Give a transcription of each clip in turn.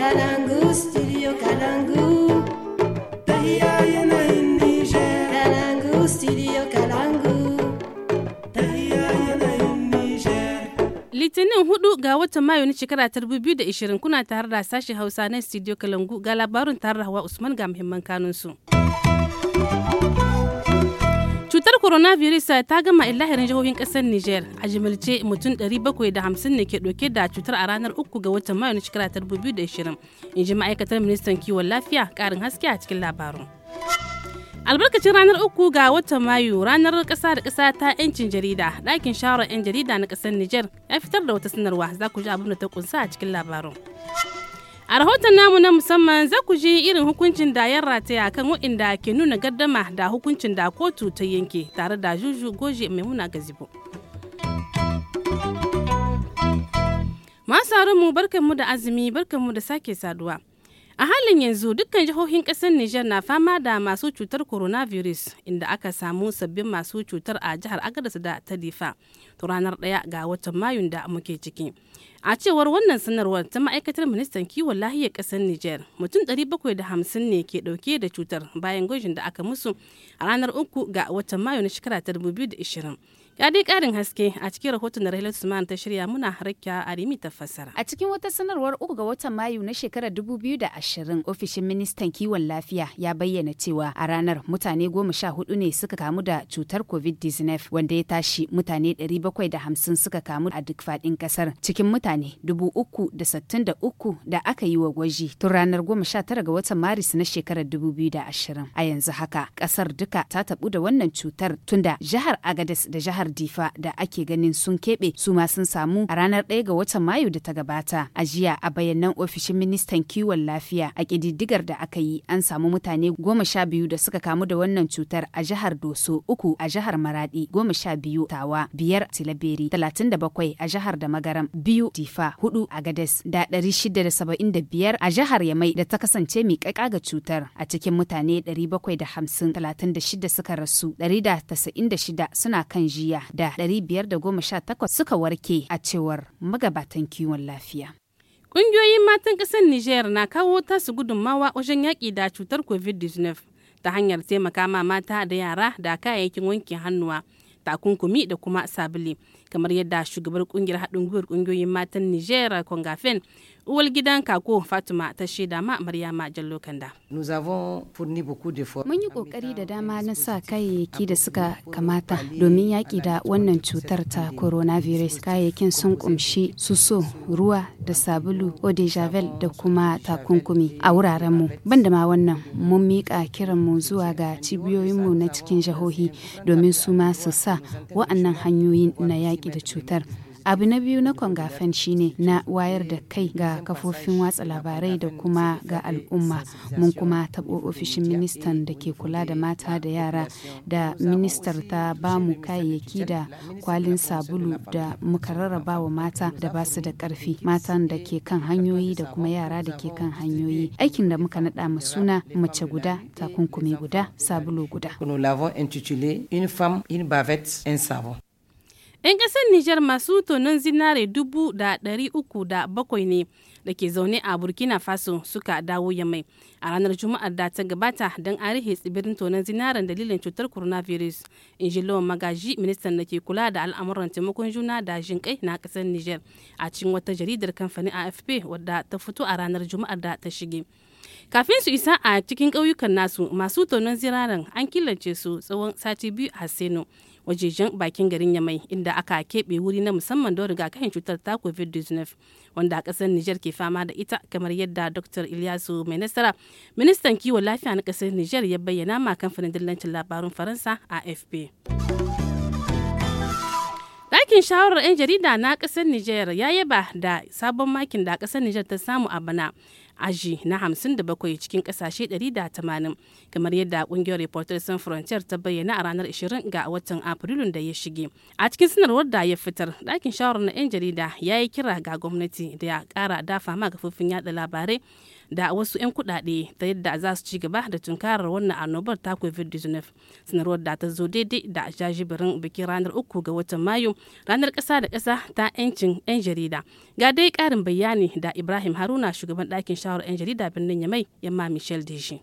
Kalangu, Litinin hudu ga watan Mayu na shekara ta 2020 kuna tare da sashi Hausa na studio Kalangu ga labarin tare da Hawa Usman ga muhimman kanunsu. Cutar coronavirus ta gama lahirin jihohin kasar Niger a jimilce mutum 750 ne ke ɗauke da cutar a ranar 3 ga watan Mayu na shekara 2020 in ji ma'aikatar ministan kiwon lafiya karin haske a cikin labarin. Albarkacin ranar 3 ga watan Mayu ranar kasa da kasa ta 'yancin jarida ɗakin shawarar 'yan jarida na kasar Niger ya fitar da wata sanarwa za ku ji abin da ta kunsa a cikin labarin. A rahoton namu na musamman za ku ji irin hukuncin da ya rataya kan waɗanda ke nuna gardama da hukuncin da kotu ta yanke tare da Juju Goje Maimuna Gazibo. Masu mu barkanmu da azumi barkanmu da sake saduwa. A halin yanzu dukkan jihohin ƙasar Nijar na fama da masu cutar coronavirus inda aka samu sabbin masu cutar a jihar Agadas da ta Difa. ranar ɗaya ga watan Mayun da muke ciki. a cewar wannan sanarwar ta ma'aikatar ministan kiwon lahiyar kasar niger mutum 750 ne ke dauke da cutar bayan gwajin da aka musu a ranar uku ga watan mayu na shekara 2020 ya dai karin haske a cikin rahoton da rahilatu suman ta shirya muna a arimi ta fasara a cikin wata sanarwar uku ga watan mayu na shekarar 2020 ofishin ministan kiwon lafiya ya bayyana cewa a ranar mutane goma sha hudu ne suka kamu da cutar covid-19 wanda ya tashi mutane 750 suka kamu a duk faɗin kasar cikin mutane dubu uku da da da uku aka yi wa gwaji tun ranar goma sha tara ga watan Maris na shekarar dubu biyu da ashirin A yanzu haka, ƙasar duka ta tabu da wannan cutar tunda jihar Agades da jihar Difa da ake ganin sun keɓe su ma sun samu a ranar 1 ga watan Mayu da ta gabata. A jiya a bayanan ofishin ministan kiwon lafiya a ƙididdigar da aka yi an samu mutane goma sha biyu da suka kamu da wannan cutar a jihar Doso, uku a jihar Maradi, goma sha biyu Tawa, biyar Tilaberi, talatin da bakwai a jihar da Magaram, biyu difa hudu a gades da dari shida da saba'in da biyar a jihar yamai da ta kasance miƙaƙa ga cutar a cikin mutane dari bakwai da hamsin talatin da shida suka rasu dari da tasa'in da shida suna kan jiya da ɗari biyar da goma sha takwas suka warke a cewar magabatan kiwon lafiya. Ƙungiyoyin matan ƙasar Nijar na kawo tasu gudunmawa wajen yaƙi da cutar COVID-19 ta hanyar taimaka ma mata da yara da kayayyakin wankin hannuwa. takunkumi da kuma sabili kamar yadda shugabar kungiyar haɗin gwiwar kungiyoyin matan nigeria kongafen uwar gidan kako fatima ta shaida ma maryama jallo kanda mun yi kokari da dama na sa kayayyaki da suka kamata domin yaƙi da wannan cutar ta coronavirus kayayyakin sun kumshi suso ruwa da sabulu eau javel da kuma takunkumi a wurarenmu banda ma wannan mun miƙa kiranmu zuwa ga cibiyoyinmu na cikin jihohi domin su ma su sa wa'annan hanyoyin na yaƙi da cutar abu na biyu na kwangafan shine na wayar da kai ga kafofin watsa labarai da kuma ga al'umma mun kuma taɓo ofishin ministan da ke kula da mata da yara da ministar ta ba mu kayayyaki da kwalin sabulu da muka rarraba wa mata da ba su da ƙarfi matan da ke kan hanyoyi da kuma yara da ke kan hanyoyi aikin da muka naɗa mu suna mace guda takunkumi guda sabulu guda. Nous l'avons intitulé Une femme, une bavette, un savon. 'Yan ƙasar Nijar masu tonon zinare dubu da ɗari uku da bakwai ne da ke zaune a Burkina Faso suka dawo yamai a ranar Juma'ar da ta gabata don arihe tsibirin tonon zinaren dalilin cutar coronavirus. In ji Magaji, ministan da ke kula da al'amuran taimakon juna da kai na ƙasar Nijar a cikin wata jaridar kamfanin AFP wadda ta fito a ranar Juma'ar da ta shige. kafin su isa a cikin ƙauyukan nasu masu tonon zinaren an killace su tsawon sati biyu a seno wajejen bakin garin Yamai inda aka keɓe wuri na musamman don rigakafin cutar ta COVID-19 wanda a ƙasar niger ke fama da ita kamar yadda Dr. Ilyasu mai nasara ministan kiwon lafiya na ƙasar niger ya bayyana ma kamfanin dillancin labarun Faransa AFP. Ɗakin shawarar 'yan jarida na ƙasar Nijar ya yaba da sabon makin da ƙasar Nijar ta samu a bana aji na 57 cikin kasashe 180 kamar yadda kungiyar reporters sans frontier ta bayyana a ranar 20 ga watan afrilun da ya shige a cikin sanarwar da ya fitar dakin shawarar na 'yan jarida ya yi kira ga gwamnati da ya ƙara dafa ma kafofin yada labarai da wasu 'yan kudade ta yadda za su ci gaba da tunkarar wannan annobar ta covid-19 sanarwar da ta zo daidai da a jajibirin bikin ranar uku ga watan mayu ranar kasa da kasa ta 'yancin 'yan jarida ga dai karin bayani da ibrahim haruna shugaban dakin shawar 'yan jarida birnin mai yamma michel deji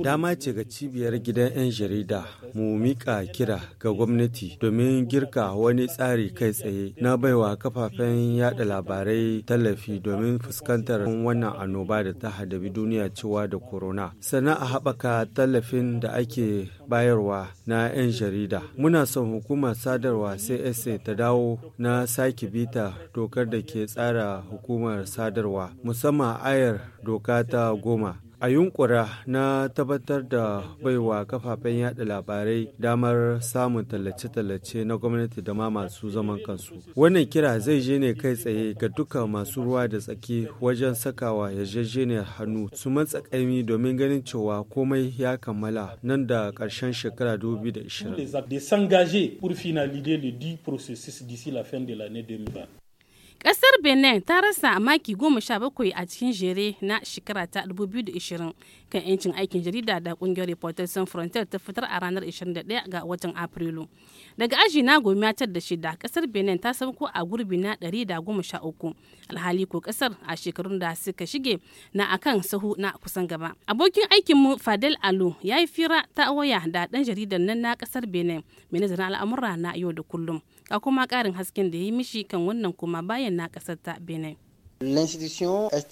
dama ce ga cibiyar gidan 'yan jarida mu miƙa kira ga gwamnati domin girka wani tsari kai tsaye na baiwa kafafen yada labarai tallafi domin fuskantar wannan annoba da ta hadabi duniya cewa da corona sana'a haɓaka tallafin da ake bayarwa na 'yan jarida muna son hukumar sadarwa csa ta dawo na sake bita dokar da ke tsara hukumar sadarwa musamman ayar doka ta goma a yunkura na tabbatar da baiwa kafafen yada labarai damar samun tallace-tallace na gwamnati da ma masu zaman kansu. Wannan kira zai je ne kai tsaye ga duka masu ruwa da tsaki wajen sakawa ne hannu su matsakaimi domin ganin cewa komai ya kammala nan da karshen shekara 2020. Ƙasar Benin ta rasa maki goma sha bakwai a cikin jere na shekara ta 2020 kan 'yancin aikin jarida da ƙungiyar Reporters Sans Frontier ta fitar a ranar 21 ga watan Afrilu. Daga aji na goma da shida kasar Benin ta sauko a gurbi na da goma sha uku alhali ko kasar a shekarun da suka shige na akan sahu na kusan gaba. Abokin aikinmu Fadel Alu ya yi fira ta waya da ɗan jaridar nan na ƙasar Benin mai nazarin al'amura na yau da kullum. ga kuma karin hasken da ya yi mishi kan wannan kuma bayan na kasar ta benin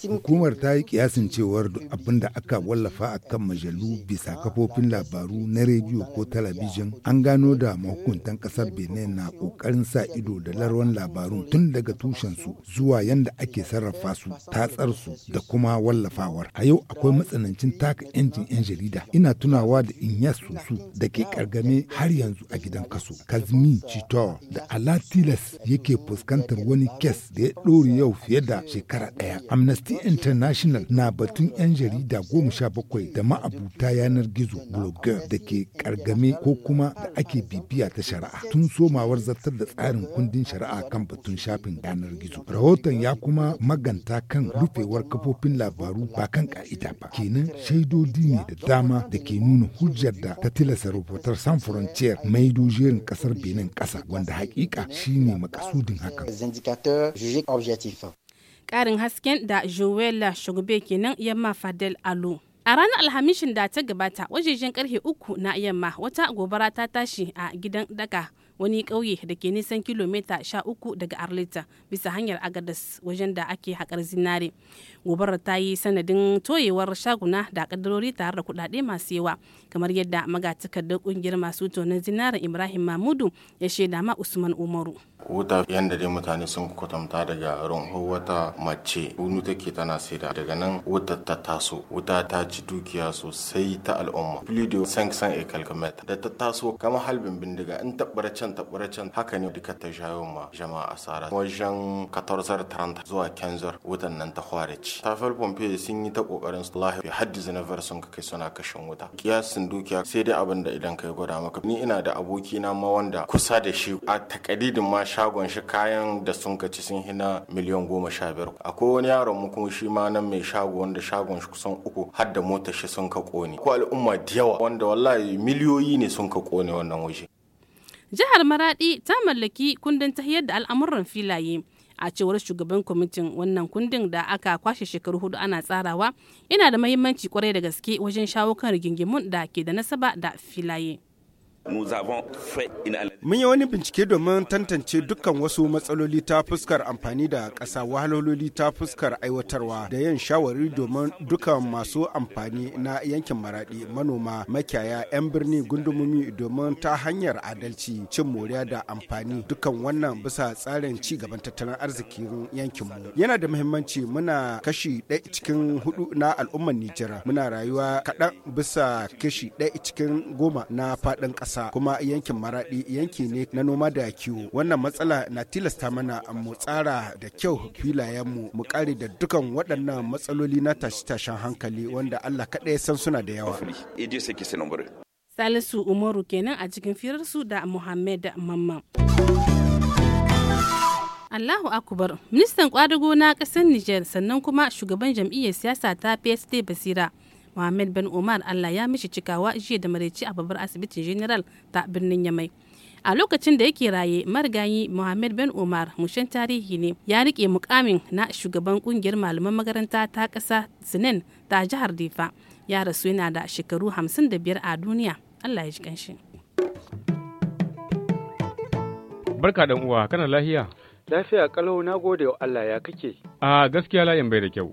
Hukumar ta yi kiyasin cewar abin da aka wallafa a kan majalu bisa kafofin labaru na rediyo ko talabijin an gano da mahukuntan kasar Benin na kokarin sa ido da larwan labarun tun daga tushensu zuwa yadda ake sarrafa su, tatsar su da kuma wallafawar. A yau akwai matsanancin taka 'yancin 'yan jarida. Ina tunawa da Inyas Susu da ke kargame har yanzu a gidan kaso. Kazmi Chito da Alatilas yake fuskantar wani kes da ya ɗore yau fiye da shekara ɗaya. Amnesty International na batun 'yan jarida goma sha bakwai da ma'abuta yanar gizo blogger da ke kargame ko kuma da ake bibiya ta shari'a tun somawar zartar da tsarin kundin shari'a kan batun shafin yanar gizo. Rahoton ya kuma maganta kan rufewar kafofin labaru ba kan ka'ida ba. Kenan shaidodi ne da dama da ke nuna hujjar da ta tilasta rubutar San Frontier mai dojerin kasar Benin kasa wanda hakika shine makasudin hakan. karin hasken da Joella Shugbe kenan yamma Fadel Alo. A ranar Alhamishin da ta gabata wajejen karfe uku na yamma wata gobara ta tashi a gidan daga. wani ƙauye da ke nisan kilomita 13 daga arlita bisa hanyar agadas wajen da ake haƙar zinare gobarar ta yi sanadin toyewar shaguna da kadarori tare da kuɗaɗe masu yawa kamar yadda magatakardar ƙungiyar masu tonan zinarin ibrahim mahmudu ya shaida ma usman umaru wuta yadda dai mutane sun kwatanta daga runhu wata mace ta take tana saida daga nan wuta ta taso wuta ta ci dukiya sosai ta al'umma filido 500 ekal kalkameta da ta taso kama halbin bindiga in tabbara can ta taɓuracin haka ne duka ta jawo ma jama'a asara wajen 14:30 zuwa 15 wutan nan ta fara ci pompe sun yi ta kokarin su lahi haddi zinavar sun kai suna kashin wuta kiyasin dukiya sai dai abin da idan ka kai gwada maka ni ina da aboki na ma wanda kusa da shi a takadidin ma shagon shi kayan da sun ci sun hina miliyan goma sha biyar akwai wani yaron mu kuma shi ma nan mai shago wanda shagon shi kusan uku har da motar shi sun ka kone ko al'umma da yawa wanda wallahi miliyoyi ne sun ka kone wannan waje Jihar Maradi ta mallaki kundin tahiyar da al'amuran filaye. a cewar shugaban kwamitin wannan kundin da aka kwashe shekaru hudu ana tsarawa yana da mahimmanci kwarai da gaske wajen shawo kan rigingimun da ke da nasaba da filaye. Mun yi wani bincike domin tantance dukkan wasu matsaloli ta fuskar amfani da ƙasa wahaloli ta fuskar aiwatarwa da yin shawari domin dukkan masu amfani na yankin maraɗi manoma makiyaya 'yan birni gundumomi domin ta hanyar adalci cin moriya da amfani dukkan wannan bisa tsarin ci gaban tattalin arzikin yankinmu. Yana da muhimmanci muna kashi ɗaya cikin hudu na al'ummar Nijar muna rayuwa kaɗan bisa kashi ɗaya cikin goma na faɗin ƙasa. ƙasa kuma yankin maraɗi yanki ne na noma da kiwo wannan matsala na tilasta mana mu tsara da kyau filayenmu mu kare da dukan waɗannan matsaloli na tashe-tashen hankali wanda Allah kaɗai san suna da yawa. Salisu Umaru kenan a cikin firarsu da Muhammad Mamman. Allahu Akubar, ministan kwadago na ƙasar Nijar sannan kuma shugaban jam'iyyar siyasa ta PSD Basira Mohamed Ben Omar Allah ya mishi cikawa jiya da maraice a babbar asibitin General ta birnin Yamai. a lokacin da yake raye marigayi Mohamed Ben Omar mushen tarihi ne ya rike mukamin na shugaban kungiyar malaman makaranta ta ƙasa Sinan ta jihar Difa ya rasu yana da shekaru 55 a duniya Allah ya ji kanshi Barka dan uwa kana lahiya. lafiya kalau na gode wa Allah ya kake a gaskiya layin bai da kyau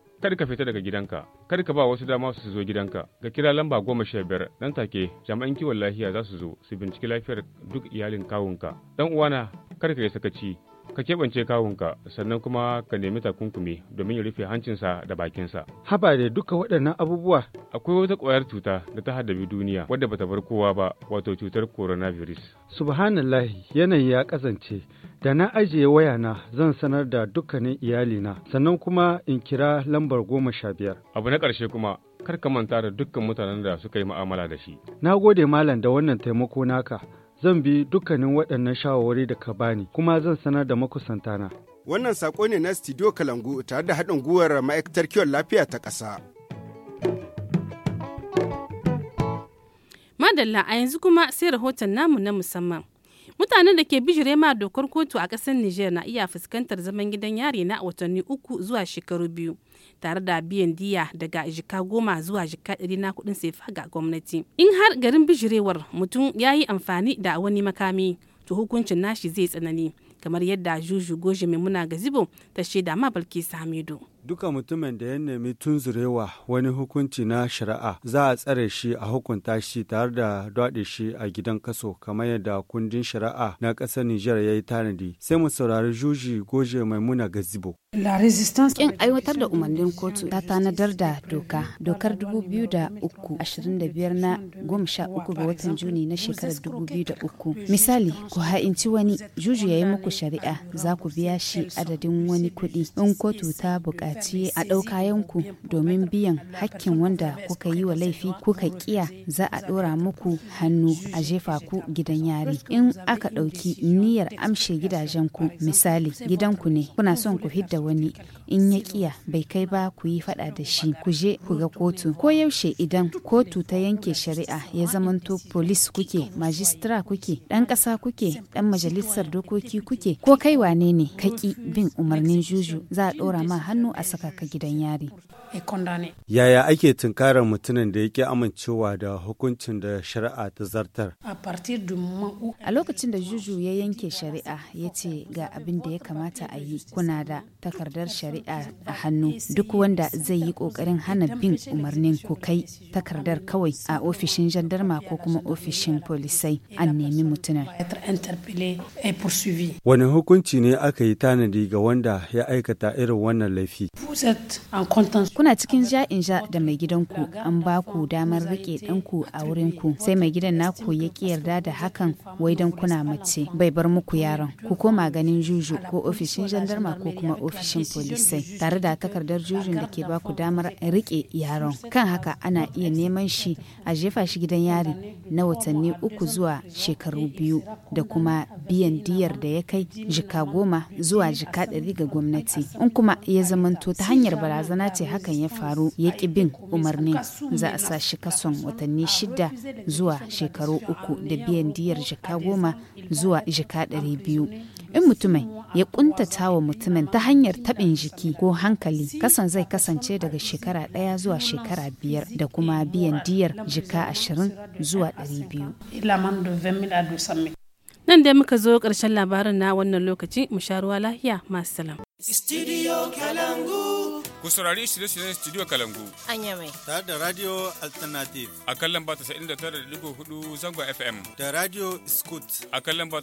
kada ka fita daga gidanka kada ka ba wasu dama su zo gidanka ga kira lamba goma sha biyar nan take jami'an kiwon lafiya za su zo su binciki lafiyar duk iyalin kawunka dan uwana kada ka yi sakaci ka keɓance kawunka sannan kuma ka nemi takunkumi domin ya rufe hancinsa da bakinsa haba da duka waɗannan abubuwa akwai wata ƙwayar cuta da ta haddabi duniya wadda bata bar kowa ba wato cutar coronavirus Subhanallah, yanayi ya kasance Da na ajiye wayana zan sanar da dukkanin iyalina sannan kuma in kira lambar goma sha biyar. Abu na ƙarshe kuma kar ka manta da dukkan mutanen da suka yi mu'amala da shi. Na gode malam da wannan taimako naka. Zan bi dukkanin waɗannan shawarwari da ka bani kuma zan sanar da makusantana. Wannan saƙo ne na Studio Kalangu tare da haɗin gwiwar ma'aikatar kiwon lafiya ta ƙasa. Madalla a yanzu kuma sai rahoton namu na musamman. Mutanen da ke bijire ma dokar kotu a ƙasar Nijar na iya fuskantar zaman gidan yari na watanni uku zuwa shekaru biyu tare da biyan diya daga jika goma zuwa jika ɗari na kuɗin sefa ga gwamnati. In har garin bijirewar mutum ya yi amfani da wani makami to hukuncin nashi zai tsanani kamar yadda juju goji maimuna zibo ta shaida ma balkisa hamidu. duka mutumin da ya nemi tunzurewa wani hukunci na shari'a za a tsare shi a hukunta shi tare da dwaɗe shi a gidan kaso kamar yadda kundin shari'a na ƙasar Nijar ya yi tanadi. Sai mu saurari Juji Goje Maimuna Gazibo. Resistance... Kin aiwatar da umarnin kotu ta tanadar da doka, dokar da biyar na 13 ga watan Juni na shekarar 2003. Misali, ku ha'inci wani, juji ya yi muku shari'a, za ku biya shi adadin wani kuɗi in kotu ta buƙata. lokaci a ɗauka yanku domin biyan hakkin wanda kuka yi wa laifi kuka kiya za a ɗora muku hannu a jefa ku gidan yari in aka ɗauki niyyar amshe gidajenku misali gidanku ne kuna son ku hidda wani in ya kiya bai kai ba ku yi faɗa da shi ku je ku ga kotu ko yaushe idan kotu ta yanke shari'a ya zamanto polis kuke majistra kuke ɗan ƙasa kuke ɗan majalisar dokoki kuke ko kai wane ne kaki bin umarnin juju za a ɗora ma hannu a saka ka gidan yari. Eh, Yaya ake tunkarar mutumin da yake amincewa da hukuncin da shari'a ta zartar? A lokacin da Juju ya yanke shari'a ya ce ga abin da ya kamata a yi kuna da takardar shari'a a hannu duk wanda zai yi kokarin hana bin umarnin ku kai takardar kawai a ofishin jandarma ko kuma ofishin polisai an nemi mutumin. Wani hukunci ne aka yi tanadi ga wanda ya aikata irin wannan laifi? Kuna cikin ja in ja da mai gidanku an ba ku damar rike ɗanku a wurinku sai mai gidan naku ya ki yarda da hakan wai don kuna mace bai bar muku yaron ku koma ganin juju ko ofishin jandarma ko kuma ofishin polisai tare da takardar jujun da ke baku damar rike yaron kan haka ana iya neman shi a jefa shi gidan yari na watanni uku zuwa shekaru biyu da kuma biyan diyar da ya kai jika goma zuwa jika ɗari ga gwamnati in kuma ya zama to ta hanyar barazana ce hakan ya faru ya ƙi bin umarnin za a sa shi kason watanni shida zuwa shekaru uku da biyan diyar jika goma zuwa jika ɗari biyu in mutumin ya ƙuntata wa mutumin ta hanyar taɓin jiki ko hankali kasan zai kasance daga shekara ɗaya zuwa shekara biyar da kuma biyan diyar jika ashirin zuwa ɗari biyu nan dai muka zo ƙarshen labarin na wannan lokaci mu sha ruwa lafiya masu salam studio kalangu ku saurari shirye-shiryen studio kalangu an mai tare da radio alternative a kan lamba hudu zangon fm da radio scoot a kan lamba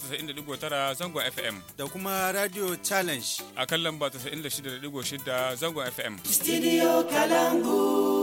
tara zangon fm da kuma radio challenge a kan lamba shida zangon fm studio kalangu